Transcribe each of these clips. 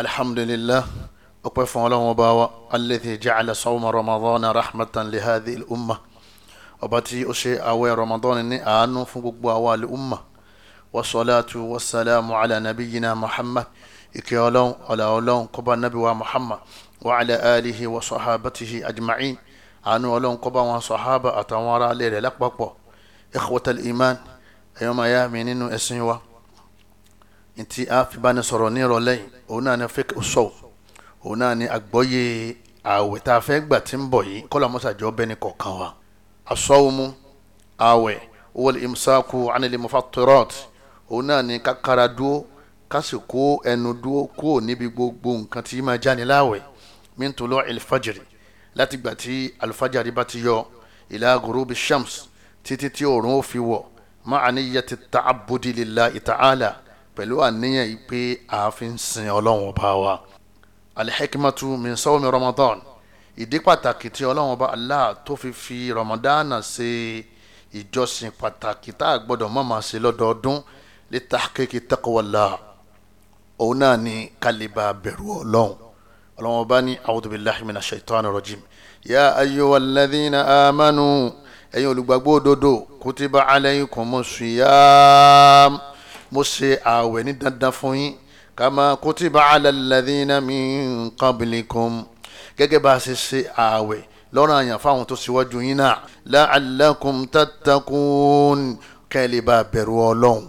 alhamdulillah ọpẹ́ fún Ọlọ́run ọba wa alladhi ja'ala sawma ramadana rahmatan li hadhihi al-umma ọba tí ó ṣe àwẹ̀ ramadan ní àánú fún gbogbo àwa al-umma wasalaatu wasalaamu ala nabiyina muhammad ìkẹ́ Ọlọ́run ọlá Ọlọ́run kọba nabi wa muhammad wa ala alihi wa sahabatihi ajma'in àánú Ọlọ́run kọba wọn sahaba àtàwọn ará alẹ rẹ̀ lápapọ̀ ikhwatal iman ẹyọmọ ya mi nínú ẹ̀sìn wa nti afibani sọ̀rọ̀ ní ìrọ̀lẹ́ yìí òun náà ni fake sọ òun náà ni àgbọ́yé ààwẹ̀ tá a fẹ́ gbà tí ń bọ̀ yìí kọ́lá mọ́sàjọ́ bẹ́ni kọ̀ọ̀kan wa asọ́wọ́mu ààwẹ̀ wọlé imsaku anilé mufatirot òun náà ni kakara dúó kásì kó ẹnu dúó kúrò níbi gbogbo nǹkan tí máa jáni láàwẹ̀ mintolo alfajiri láti gbà tí alfajiri bá ti yọ ìlà gurubi shams títí tí òòrùn ó fi wọ̀ máa níyà ta'abudi lillahi ta'ala pẹ̀lú àníyàn yìí pé a fi ń sin ọlọ́run ọba wa alihikimatu min sawmi ramadan ìdí pàtàkì tí ọlọ́run ọba allah tó fi fi ramadana ṣe ìjọsìn pàtàkì tá a gbọ́dọ̀ má máa ṣe lọ́dọọdún lè ta kéèké taqwalla òun náà ni kálíbà bẹ̀rù ọlọ́run ọlọ́run ọba ní a'udhu billahi minash shaitani rajim ya ayyuhalladhina amanu ẹ̀yin olùgbàgbọ́ òdodo kutiba alaykumus siyam mo ṣe ààwẹ̀ ní dandan fún yín kama kutiba ala alladhina min qablikum gẹ́gẹ́ bá a ṣe ṣe ààwẹ̀ lọ́rùn àyàn fáwọn tó ṣíwájú yín náà la'allakum tattaqun kẹ́lẹ́ bá bẹ̀rù ọlọ́run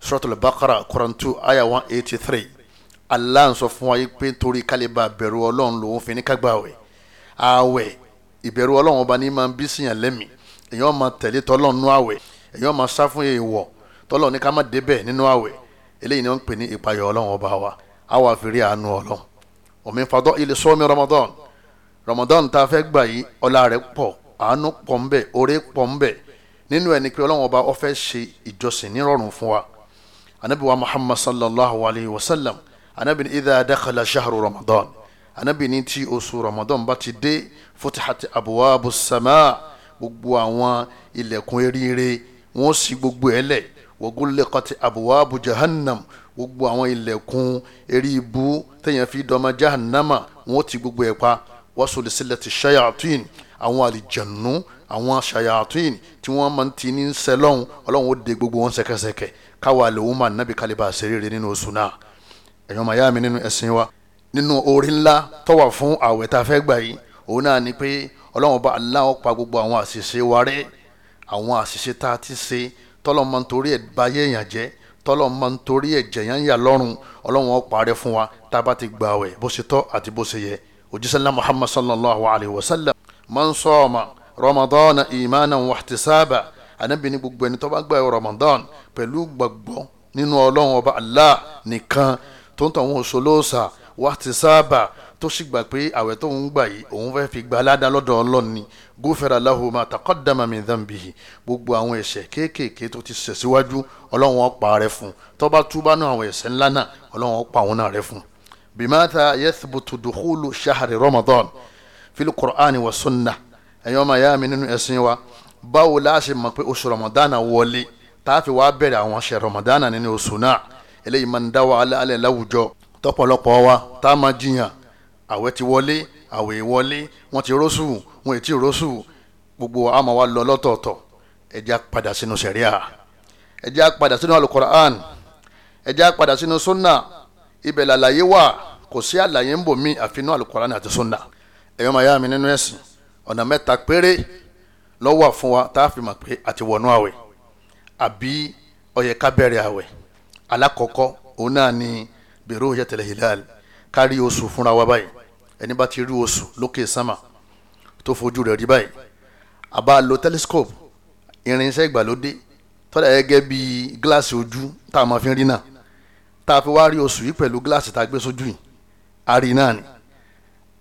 suratul baqara quran two aya one eighty three allah fún wa yìí pé torí kálí bá bẹ̀rù ọlọ́run lòun fi ní kágbá wẹ̀ ààwẹ̀ ìbẹ̀rù ọlọ́run ọba ní máa ń bí síyàn lẹ́mìí èèyàn máa tẹ̀lé tọ́lọ́run tọ́lọ̀ ní ká má débẹ̀ nínú àwẹ̀ eléyìí ni wọ́n ń pè ní ìpayọ̀ ọlọ́run ọba wa á wà fi rí àánú ọlọ́run omi fadọ́ ilé sọ́mi Ramadan Ramadan tá a fẹ́ gbà yìí ọlá rẹ̀ pọ̀ àánú pọ̀ ń bẹ oore pọ̀ ń bẹ nínú ẹni pé ọlọ́run ọba ó fẹ́ ṣe ìjọsìn nírọ̀rùn fún wa anabi wa Muhammad sallallahu alayhi wa sallam anabi ni idha dakhala shahru Ramadan anabi ni tí oṣù Ramadan ba ti dé futihati abuwaabu sama gbogbo àwọn ilẹ̀kùn eríire wọ́n sì gbogbo ẹ̀ wọ́gúnlẹ́kọ̀tì àbúwáàbù jahannam gbogbo àwọn ilẹ̀kùn eré ibú tẹ̀yàn fi dọ́mọ jahannama wọ́n ti gbogbo ẹ̀ pa wọ́sọ̀lẹ́sílẹ̀ ti ṣayàtúìn àwọn àlìjànú àwọn ṣayàtúìn tí wọ́n máa ń ti ní sẹ́lọ́hún ọlọ́run ó de gbogbo wọn sẹ́kẹsẹ́kẹ káwa lòun máa nábì kálíbà ṣerére nínú oṣù náà ẹ̀yọ́ màyá mi nínú ẹ̀sìn wa nínú orí ńlá tó fún àwẹ̀ tá a fẹ́ gbà yìí òun náà ni pé ọlọ́run bá aláwọ̀ pa gbogbo àwọn àṣìṣe wa rẹ́ àwọn àṣìṣe tá a ti ṣe tọ́lọ́ máa ń torí ẹ̀ báyé èèyàn jẹ́ tọ́lọ́ máa ń torí ẹ̀ jẹ̀yàn yà lọ́rùn ọlọ́run ó parẹ́ fún wa tá a bá ti gbà wẹ̀ bó ṣe tọ́ àti bó ṣe yẹ òjísàlá muhammad sallallahu alayhi wa sallam man sọ́ọ̀mà ramadan imanan wahtisaba anabi ni gbogbo ẹni tó bá gbà ramadan pẹ̀lú gbàgbọ́ nínú ọlọ́run ọba allah nìkan tó ń tàn wọn òṣòlóòṣà wahtisaba tó sì gbà pé àwẹ̀ tó ń gbà yìí òun fẹ́ fi gba aládàá lọ́dọ̀ ọlọ́run gufira lahu ma taqaddama min dhanbihi gbogbo àwọn ẹ̀ṣẹ̀ kéékèèké tó ti ṣẹ̀ síwájú Ọlọ́run ó pa rẹ́ fún tó bá túbá náà àwọn ẹ̀ṣẹ̀ ńlá náà Ọlọ́run ó pa àwọn náà rẹ́ fún. bimata yathbutu dukhulu shahri ramadan fil qur'ani wa sunnah ẹ̀yọ́ máa yá mi nínú ẹ̀sìn wa báwo la ṣe pé oṣù ramadana wọlé tá a fi àwọn ṣe ramadana nínú oṣù náà eléyìí máa ń dá wàhálà alẹ́ láwùjọ tọ́pọ̀lọpọ̀ wa tá a máa jiyàn àwẹ̀ ti wọlé àwẹ̀ ìwọlé wọ́n ti rósù wọ́n ti rósù gbogbo àmọ́ wa lọ lọ́tọ̀ọ̀tọ̀ ẹ jẹ́ padà sínú sẹ̀ríà ẹ jẹ́ padà sínú alukoran ẹ jẹ́ padà sínú sunna ibẹ̀ làlàyé wà kò sí àlàyé ń bò mí àfinú alukoran àti sunna ẹ̀yọ́ màá yá mi nínú ẹ̀sìn ọ̀nà mẹ́ta péré ló fún wa tá a fi mọ̀ pé àti wọnú àwẹ̀ àbí ó yẹ ká bẹ̀rẹ̀ àwẹ̀ alákọ̀ọ́kọ́ òun náà ni bẹ̀rù yẹtẹ̀lẹ̀ hilal kárí oṣù fúnra wa báyìí ẹni bá ti rí oṣù lókè sánmà tó fojú rẹ̀ rí báyìí àbá lo telescope irinṣẹ́ ìgbàlódé tọ́lá gẹ́gẹ́ bí gíláàsì ojú tá a máa fi rí náà tá a fi wá rí oṣù yìí pẹ̀lú gíláàsì tá a gbé sójú yìí a rí náà ni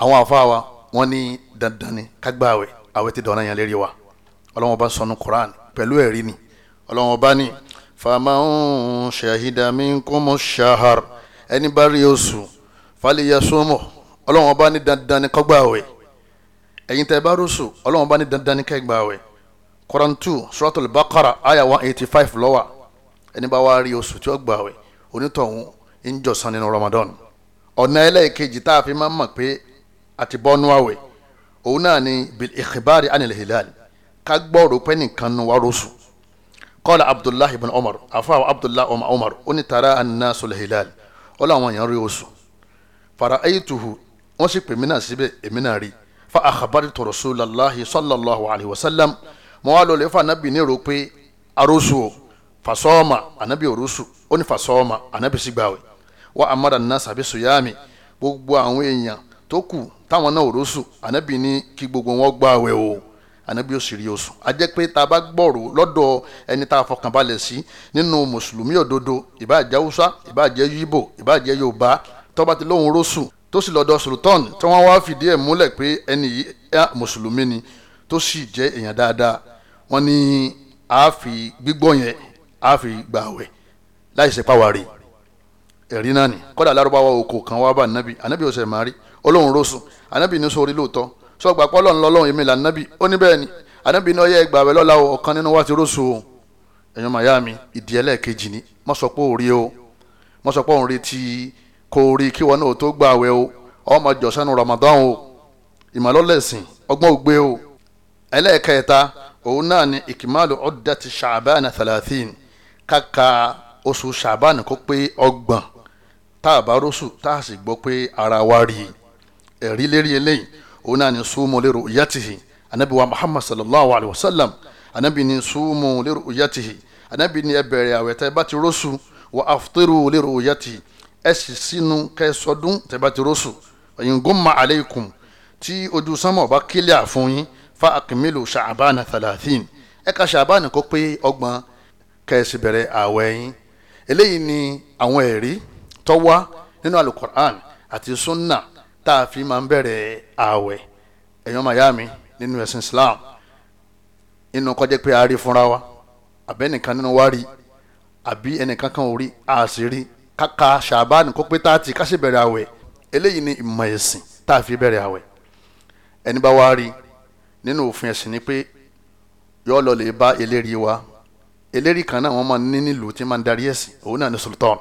àwọn àfáà wa wọ́n ní dandan ni kágbá àwẹ̀ àwẹ̀ ti dọ̀nà yẹn lérí wa ọlọ́wọ́n bá sọnù Quran pẹ̀lú ẹ̀rí ni ọlọ́wọ́n bá ní faman shahida minkumu shahar ẹni bá rí oṣù fàlìyà sọmọ ọlọ́run ọba ní dandan ní kọ́gbà àwẹ̀ ẹ̀yin tẹ́ ẹ bá rúṣù ọlọ́run ọba ní dandan ní kẹ́gbà àwẹ̀ Quran two suratul Baqara aya one eighty five lọ́wà ẹni bá wá rí oṣù tí ó gbà àwẹ̀ onítọ̀hún ń jọ̀sán nínú Ramadan ọ̀nà ẹlẹ́ẹ̀kejì tá a fi máa ń mọ̀ pé àti bọ́nú àwẹ̀ òun náà ni bil ikhbari anil hilal ká gbọ́rò pé nìkan wá rúṣù qala Abdullahi ibn Umar afa Abdullahi Umar ó ní tara annasul hilal rí oṣù fara ayituhu wọ́n sì pè mí náà síbẹ̀ èmi náà rí fa akhbartu rasulallahi sallallahu alayhi wa sallam mo wá lọlẹ́ fún anabi ní èrò pé arósù o fasọ́ọ̀mà anabi òrósù ó ní fasọ́ọ̀mà anabi sígbàwẹ̀ wa amara nnas bi suyami gbogbo àwọn èèyàn tó kù táwọn náà òrósù anabi ní kí gbogbo wọn gbàwẹ̀ o anabi ó sì rí oṣù a jẹ́ pé tá a bá gbọ́rò lọ́dọ̀ ẹni tá a fọkànbalẹ̀ sí nínú mùsùlùmí òdodo ìbáà jẹ́ haúsá ìbáà jẹ́ yíbò ìbáà jẹ́ yorùbá tó ti lóhun rósù tó sì lọ́dọ̀ sultan tí wọ́n wá fìdí ẹ̀ múlẹ̀ pé ẹni yìí mùsùlùmí ni tó sì jẹ́ èèyàn dáadáa wọ́n ní àáfi gbígbọ́ yẹn àáfi gbààwẹ̀ láì ṣe pàwárí ẹ̀rí náà ni kọ́dà lárúbáwá oko kan wá bá ànábì ànábì ọ̀sẹ̀ máa rí olóhùn rọ́sùn ànábì ní sórí lóòótọ́ sọgbà pọ́lọ́ ńlọ́lọ́hún èmi là ànábì ó ní bẹ́ẹ̀ ni ànábì náà yẹ gbààwẹ̀ lọ́la ọ̀kan nínú wa ti rọ́sùn o ẹ̀yàn màyá mi ìdí ẹlẹ́ẹ̀kejì ni mọ́sọ̀pọ̀ òrí o mọ́sọ̀pọ̀ òrí ti kò rí kí wọn náà tó gbà wẹ̀ o ọmọ jọ̀sánú Ramadan o ìmọ̀lọ́lẹ̀sìn ọgbọ́n ògbé o ẹlẹ́ẹ̀kẹta òun náà ni ìkìmáàlù ọ̀dàtì ṣàbáàna thalathin kàkà oṣù ṣàbáàna kó pé ọgbọ̀n tá a bá rọ́ṣù tá a sì gbọ́ pé ara wa rí i ẹ̀rí lérí eléyìí òun náà ni súnmù lérò ìyàtìhì anabi wa muhammad sallallahu alayhi wa sallam anabi ni súnmù lérò ìyàtìhì anabi ni ẹ bẹ̀rẹ̀ bá ti rọ́ṣù wa aftiru lérò ìyàtìhì ẹsì sínú kẹsọdún tẹbàtìrọsù ẹyin gomma aleikum tí ojú sánmọ bá kílíà fún yín fa akimilu ṣàbánà thalathin ẹ ka ṣàbánà kó pé ọgbọ̀n kẹsì bẹ̀rẹ̀ ààwẹ̀ yín eléyìí ni àwọn ẹ̀rí tó wà nínú alukur'an àti sunna tá a fi máa ń bẹ̀rẹ̀ ààwẹ̀ ẹ̀yọ́ mayami nínú ẹ̀sìn islam nínú kọjá pé a rí fúnra wa àbẹ́nìkan nínú wa rí àbí ẹnìkan kan ò rí a sì rí kàkà ṣàbánì kó pé táàtì ká sì bẹ̀rẹ̀ àwẹ̀ eléyìí ni ìmọ̀ ẹ̀sìn tá a fi bẹ̀rẹ̀ àwẹ̀ ẹni bá wá rí nínú òfin ẹ̀sìn ni pé yọ lọ lè bá eléri wa eléri kan náà wọ́n máa ní nílùú tí máa ń darí ẹ̀sìn òun náà ni sultan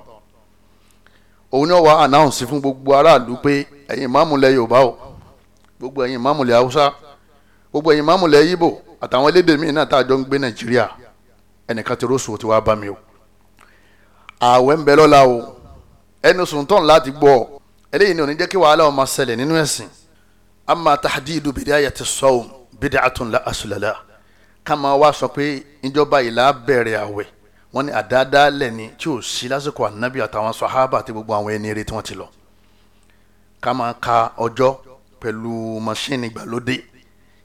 òun náà wá ànáùnsì fún gbogbo aráàlú pé ẹ̀yin ìmáàmù Yorùbá o gbogbo ẹ̀yin ìmáàmù Haúsá gbogbo ẹ̀yin ìmáàmù Yíbò àtàwọn elédè míì náà tá a jọ ń gbé Nàìjíríà ẹnìkan ti rósù ó ti wá bá mi o ààwẹ̀ ń bẹ lọ́la o ẹnu sùntọ́n láti gbọ́ eléyìí ni ò ní jẹ́ kí wàhálà ọmọ ṣẹlẹ̀ nínú ẹ̀sìn amma tahdidu bidayati sawm bid'atun la asulala kama máa wá sọ pé ìjọba ìlà bẹ̀rẹ̀ àwẹ̀ wọ́n ní àdáadáa lẹ́ni tí ò sí lásìkò ànábì àtàwọn sàhábà àti gbogbo àwọn ẹni eré tí wọ́n ti lọ ká ka ọjọ́ pẹ̀lú mọ́ṣíìnì ìgbàlódé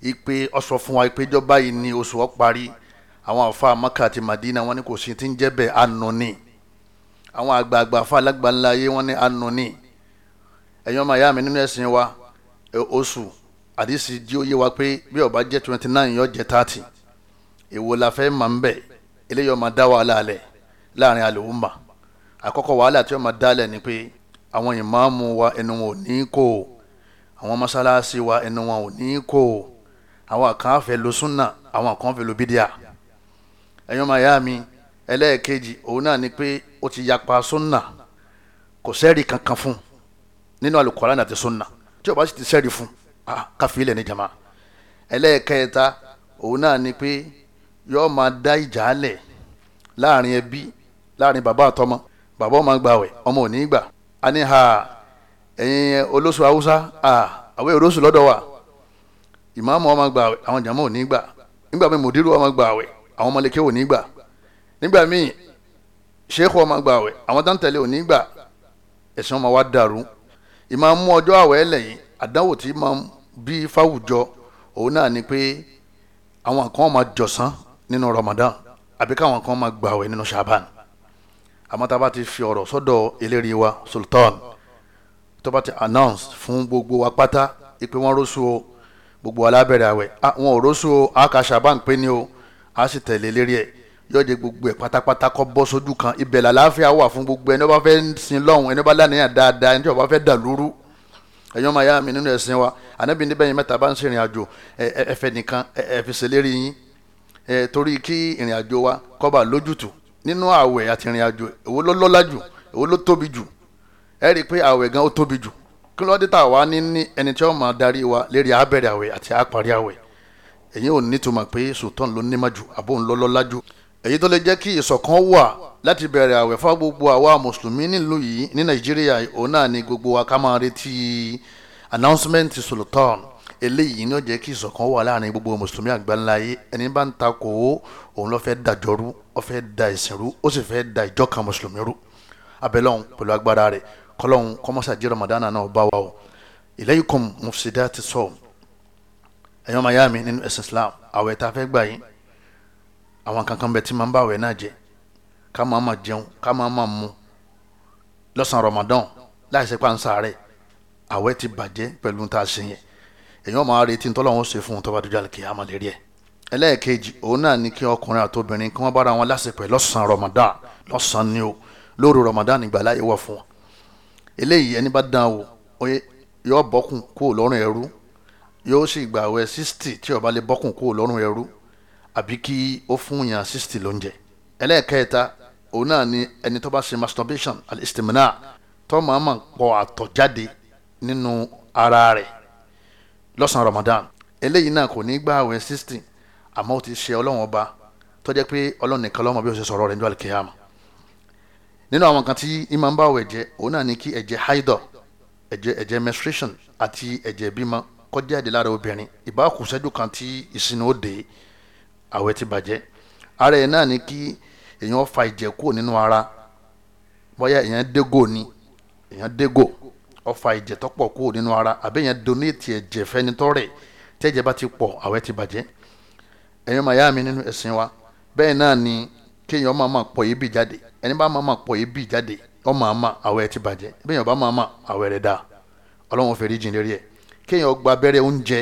ìpè ọ̀sọ̀ fún wa ìpè ìjọba yìí ni oṣù ọ̀ àwọn àfa Maka àti Madina wọ́n ní kò sí ti ń jẹ́ bẹ́ẹ̀ ànú àwọn àgbààgbà fa alágbà ńlá ayé wọn ní anoni ẹ̀yin ọmọ ìyá mi nínú ẹ̀sìn wa oṣù àdìsí di òye wa pé bí ó bá twenty nine yóò jẹ́ thirty èwo la fẹ́ máa ń bẹ̀ eléyìí ó máa dá wàhálà alẹ̀ láàrin àlùwùmà àkọ́kọ́ wàhálà tí ó dá alẹ̀ ni pé àwọn ìmáàmù wa ẹnu wọn ò ní kó àwọn mọ́sálásí wa ẹnu wọn ò ní kó àwọn kan lo súnà àwọn kan lo bídíà ẹ̀yin ọmọ ìyá mi. ẹlẹ́ẹ̀kejì òun náà ni pé ó ti yapa sunna kò sẹ́ẹ̀rì kankan fún nínú na ti sunna tí o bá sì ti sẹ́ẹ̀rì fún káfílẹ̀ ní jama ẹlẹ́ẹ̀kẹta òun náà ni pé yọọ máa dá ìjà lẹ̀ láàrin ẹbí láàrin bàbá àtọmọ bàbá ọmọ gbàwẹ̀ ọmọ ò gbà á ní ha ẹ̀yin olóṣù haúsá àwẹ̀ olóṣù lọ́dọ̀ wa ìmáàmù ọmọ gbàwẹ̀ àwọn jàmọ́ gbà ọmọ àwọn nígbà míì sheikh ọmọ gbà wẹ̀ àwọn tó ń tẹ̀lé òní gbà ẹ̀sìn ọmọ wa dàrú ìmọ̀ mú ọjọ́ àwẹ̀ ẹlẹ́yìn àdánwò tí máa ń bí fáwùjọ òun náà ni pé àwọn kan máa jọ̀sán nínú Ramadan àbí káwọn kan máa gbàwẹ̀ nínú Shaban àmọ́ tá a bá ti fi ọ̀rọ̀ sọ́dọ̀ eléré wa Sultan tó bá ti announce fún gbogbo wa pátá ipe wọn róṣù o gbogbo alábẹ̀rẹ̀ àwẹ̀ wọn ò róṣù o a kà Shaban pé ni o a sì tẹ̀lé eléré ẹ̀ yọjẹ gbogbo ẹ pátápátá kọ bọ sójú kan ibẹ̀ làlàáfíà wà fún gbogbo ẹni ọba fẹ́ sin lọ́hùn ẹni ọba lánìyàn dáadáa ẹni ọba fẹ́ dàlúrú ẹyọ máa yá mi nínú ẹsìn wa ànábì níbẹ̀ yẹn mẹ́ta bá ń ṣèrìn àjò ẹfẹ nìkan ẹfi ṣèlérí yín torí kí ìrìn àjò wa kó bá nínú àwẹ̀ àti ìrìn àjò èwo ló lọ́lá jù èwo ló tóbi jù ẹ rí i pé àwẹ̀ gan ó tóbi jù kí ló dé wa lérí àbẹ̀rẹ̀ àwẹ̀ àti àparí àwẹ̀ èyí ò nítumọ̀ pé sultan ló èyí tó lè jẹ́ kí ìṣọ̀kan wà láti bẹ̀rẹ̀ àwẹ̀ fún gbogbo àwa mùsùlùmí nílùú yìí ní nàìjíríà òun náà ni gbogbo wa ká máa retí announcement sultan eléyìí ní ó jẹ́ kí ìṣọ̀kan wà láàrin gbogbo mùsùlùmí àgbáńláyé ẹni bá ń takò ó òun ló fẹ́ dàjọ́rú ó fẹ́ da ìsìn rú ó sì fẹ́ da ìjọ kan mùsùlùmí rú abẹ́lọ́hún pẹ̀lú agbára rẹ̀ kọ́lọ́hún kọ́mọ́sàjì ramadana náà bá wa o ilaykum mufsidati sọ ẹ̀yọ́n mayami nínú ẹ̀sìn islam àwẹ̀ tá a fẹ́ gbà yín àwọn kankan bẹ tí máa ń bá àwẹ̀ náà jẹ ká máa máa jẹun ká máa máa mu lọ́sàn-án Ramadan láìsí pàǹsà rẹ̀ àwẹ̀ ti bàjẹ́ pẹ̀lú tá a ṣe yẹn èyàn máa retí tọ́lọ́wọ́n ṣe fún un tó bá dojú àlùkè àmọ́ lè rí ẹ̀. ẹlẹ́ẹ̀kejì òun náà ní kí ọkùnrin àtobìnrin kí wọ́n bára wọn lásìkò lọ́sàn-án Ramadan lọ́sàn-án ni o lóru Ramadan nígbà láyé wà fún wọn. eléyìí ẹni bá dán o yóò bọ́kùn kó lọ́rùn ẹrú yóò sì àbí kí ó fún yàn sixty lóúnjẹ ẹlẹ́ẹ̀kẹta òun náà ni ẹni tó bá ṣe masturbation alistimina tó máa ma pọ̀ àtọ̀ jáde nínú ara rẹ̀ lọ́sàn-án Ramadan eléyìí náà kò ní gba àwẹ̀ sixty àmọ́ ó ti ṣe ọlọ́run ọba tó jẹ́ pé ọlọ́run nìkan ló mọ̀ bí ó ṣe sọ̀rọ̀ rẹ̀ ní alikiyama nínú àwọn kan tí ìmọ̀ ń bá àwẹ̀ jẹ́ òun náà ni kí ẹ̀jẹ̀ haidọ̀ ẹ̀jẹ̀ ẹ̀jẹ̀ menstruation àti ẹ̀jẹ̀ bímọ kó jáde lára obìnrin ìbá kù ṣẹ́jú kan tí ìsinú ó dé àwẹ̀ ti bàjẹ́ ara ẹ̀ náà ni kí èèyàn fa ìjẹ̀ kúrò nínú ara bóyá èèyàn dégò ni èèyàn dégò ó fa tó pọ̀ kúrò nínú ara àbí èèyàn donate ẹ̀jẹ̀ fẹ́ni tó rẹ̀ tẹ́jẹ̀ bá ti pọ̀ àwẹ̀ ti bàjẹ́ ẹ̀yin ọmọ ìyá mi nínú ẹ̀sìn wa bẹ́ẹ̀ náà ni kéèyàn máa máa pọ̀ yìí bì jáde ẹni bá máa máa pọ̀ yìí bì jáde ọmọ àmà àwẹ̀ ti bàjẹ́ bẹ́ẹ̀ yàn bá máa máa àwẹ̀ rẹ̀ dáa ọlọ́run fèrè jìn lérí ẹ̀ kéèyàn gba abẹ́rẹ́ oúnjẹ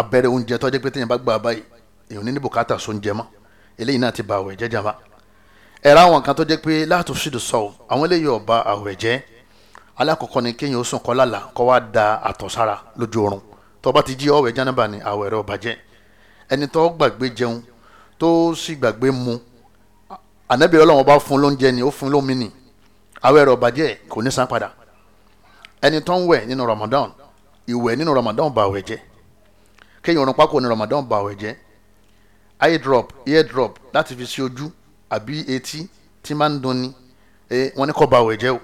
abẹ́rẹ́ oúnjẹ tó jẹ́ pé téèyàn bá gba báyìí èèyàn ní ní bùkátà só ń jẹ mọ́ eléyìí náà ti ba àwẹ̀ jẹ́ jàmbá ẹ̀rọ àwọn kan tó jẹ́ pé láàtò ṣìdù sọ̀rọ̀ àwọn eléyìí ọba àwẹ̀ jẹ́ alákọ̀ọ́kọ́ ni kéèyàn ó sùn kọ́ lálà kọ́ wá da àtọ̀sára lójú oorun tó bá ti jí ọwẹ̀ jánábà ni àwẹ̀ rẹ̀ ọba jẹ́ ẹni tó gbàgbé jẹun tó sì gbàgbé mu ànábì ọlọ́run ọba fún lóúnjẹ ni ó fún lómi ni àwẹ̀ rẹ̀ ọba jẹ́ kò ní san padà ẹni tó ń wẹ̀ nínú Ramadan ìwẹ̀ nínú Ramadan bá àwẹ̀ jẹ́ kéèyàn orun pákó ní Ramadan bá àwẹ̀ jẹ́ eye eardrop. ear drop láti fi sí ojú àbí etí tí máa ń dunni wọ́n ní kó ba àwọ̀ ẹ̀jẹ̀ o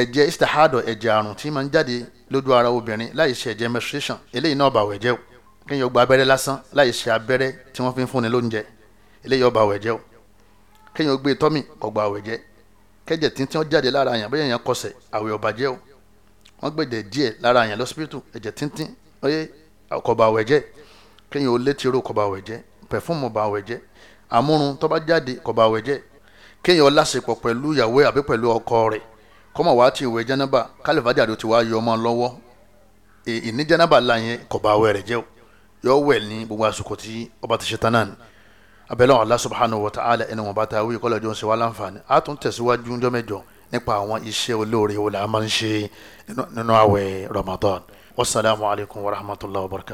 ẹ̀jẹ̀ istahadọ̀ ẹ̀jẹ̀ àrùn tí máa ń jáde lójú ara obìnrin láì ṣe ẹ̀jẹ̀ menstruation eléyìí náà ba àwọ̀ ẹ̀jẹ̀ o kéèyàn gba abẹ́rẹ́ lásán láì ṣe abẹ́rẹ́ tí wọ́n fi ń fúnni lóúnjẹ eléyìí ó ba àwọ̀ ẹ̀jẹ̀ o kéèyàn gbé tọ́mì kó gba àwọ̀ ẹ̀jẹ̀ kẹ́jẹ̀ tí wọ́n jáde lára àyàn bẹ́ẹ̀ yẹn kọsẹ̀ àwẹ̀ ó bàjẹ́ o wọ́n gbẹ̀jẹ̀ díẹ̀ lára àyàn lọ́sípítù ẹ̀jẹ̀ tíntín ó yẹ kó ba àwọ̀ ẹ̀jẹ̀ kéèyàn ó létí oró kó ba àwọ̀ ẹ̀jẹ̀ pẹ̀fúmù ba àwẹ̀ jẹ́ àmúrun tó bá jáde kò ba àwẹ̀ jẹ́ kéèyàn lásìpọ̀ pẹ̀lú ìyàwó àbí pẹ̀lú ọkọ rẹ̀ kọ́mọ̀ wá ti ìwẹ̀ jẹ́nàbà kálífàjà ló ti wá yọ ọmọ lọ́wọ́ ìní jẹ́nàbà la yẹn kò ba àwẹ̀ rẹ̀ jẹ́ yọ wẹ̀ ní gbogbo àsìkò tí ọba ti ṣe tán náà ni abẹ́lẹ́ Allah subhanahu wa ta'ala ẹni wọn bá ta wí kọ́lọ́ jọ ń ṣe wá láǹfààní a tún tẹ̀síwájú ńjọ́ mẹ́jọ nípa àwọn iṣẹ́ olóore wo la máa ń ṣe nínú àwẹ̀ Ramadan wasalaamualeykum wa rahmatulah wa barakatuh.